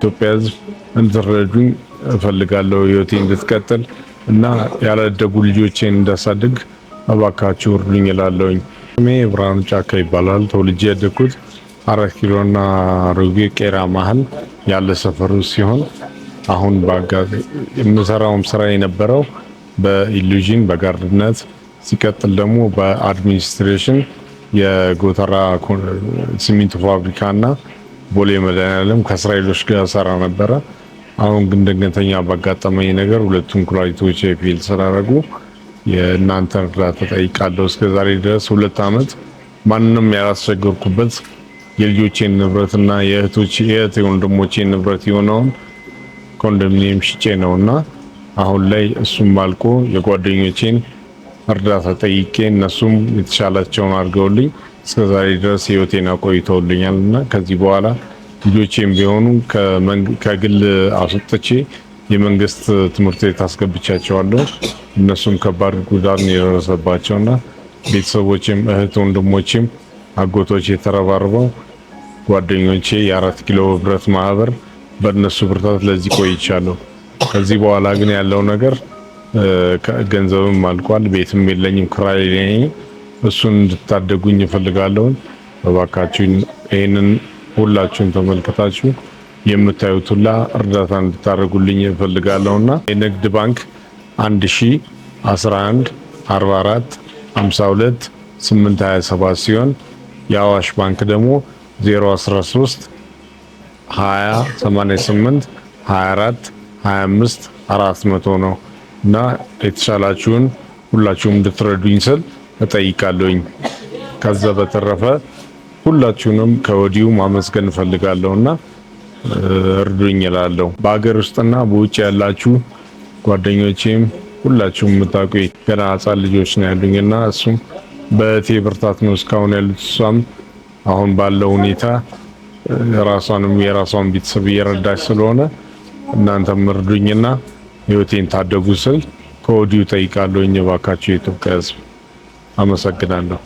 ኢትዮጵያ ሕዝብ እንድትረዱኝ እፈልጋለሁ። ህይወቴ እንድትቀጥል እና ያላደጉ ልጆቼን እንዳሳድግ እባካችሁ እርዱኝ እላለሁኝ። ስሜ ብርሃኑ ጫካ ይባላል። ተወልጄ ያደግኩት አራት ኪሎና ሮጌ ቄራ መሀል ያለ ሰፈሩ ሲሆን አሁን የምሰራውም ስራ የነበረው በኢሉዥን በጋርድነት ሲቀጥል ደግሞ በአድሚኒስትሬሽን የጎተራ ሲሚንቶ ፋብሪካ ና። ቦሌ መድኃኒዓለም ከእስራኤሎች ጋር ሰራ ነበረ። አሁን ግን ድንገተኛ ባጋጠመኝ ነገር ሁለቱም ኩላሊቶች ፌል ስላደረጉ የእናንተን እርዳታ ጠይቃለሁ። እስከዛሬ ድረስ ሁለት ዓመት ማንም ያላስቸገርኩበት የልጆቼን ንብረትና የእህቶች የእህት የወንድሞቼን ንብረት የሆነውን ኮንዶሚኒየም ሽጬ እና አሁን ላይ እሱም አልቆ የጓደኞቼን እርዳታ ጠይቄ እነሱም የተሻላቸውን አድርገውልኝ እስከዛሬ ድረስ ህይወቴን አቆይተውልኛል እና ከዚህ በኋላ ልጆቼም ቢሆኑ ከግል አስወጥቼ የመንግስት ትምህርት ቤት አስገብቻቸዋለሁ። እነሱም ከባድ ጉዳት የደረሰባቸውና ቤተሰቦችም እህት ወንድሞችም አጎቶች የተረባርበው ጓደኞቼ የአራት ኪሎ ህብረት ማህበር በእነሱ ብርታት ለዚህ ቆይቻለሁ። ከዚህ በኋላ ግን ያለው ነገር ገንዘብም አልቋል፣ ቤትም የለኝም፣ ክራይ ላይ እሱን እንድታደጉኝ እፈልጋለሁ። እባካችሁን ይህንን ሁላችሁም ተመልከታችሁ የምታዩት ሁላ እርዳታ እንድታደርጉልኝ እፈልጋለሁና የንግድ ባንክ 1011 44 52 827 ሲሆን የአዋሽ ባንክ ደግሞ 013 20 88 24 25 400 ነው እና የተሻላችሁን ሁላችሁም እንድትረዱኝ ስል እጠይቃለሁኝ። ከዛ በተረፈ ሁላችሁንም ከወዲሁ ማመስገን እፈልጋለሁና እርዱኝ እላለሁ። በሀገር ውስጥና በውጭ ያላችሁ ጓደኞቼም ሁላችሁም የምታውቁ ገና ሕፃን ልጆች ነው ያሉኝና እሱም በእቴ ብርታት ነው እስካሁን ያሉት። እሷም አሁን ባለው ሁኔታ ራሷንም የራሷን ቤተሰብ እየረዳች ስለሆነ እናንተም እርዱኝና ህይወቴን ታደጉ ስል ከወዲሁ ጠይቃለሁ። እባካችሁ የኢትዮጵያ ህዝብ አመሰግናለሁ።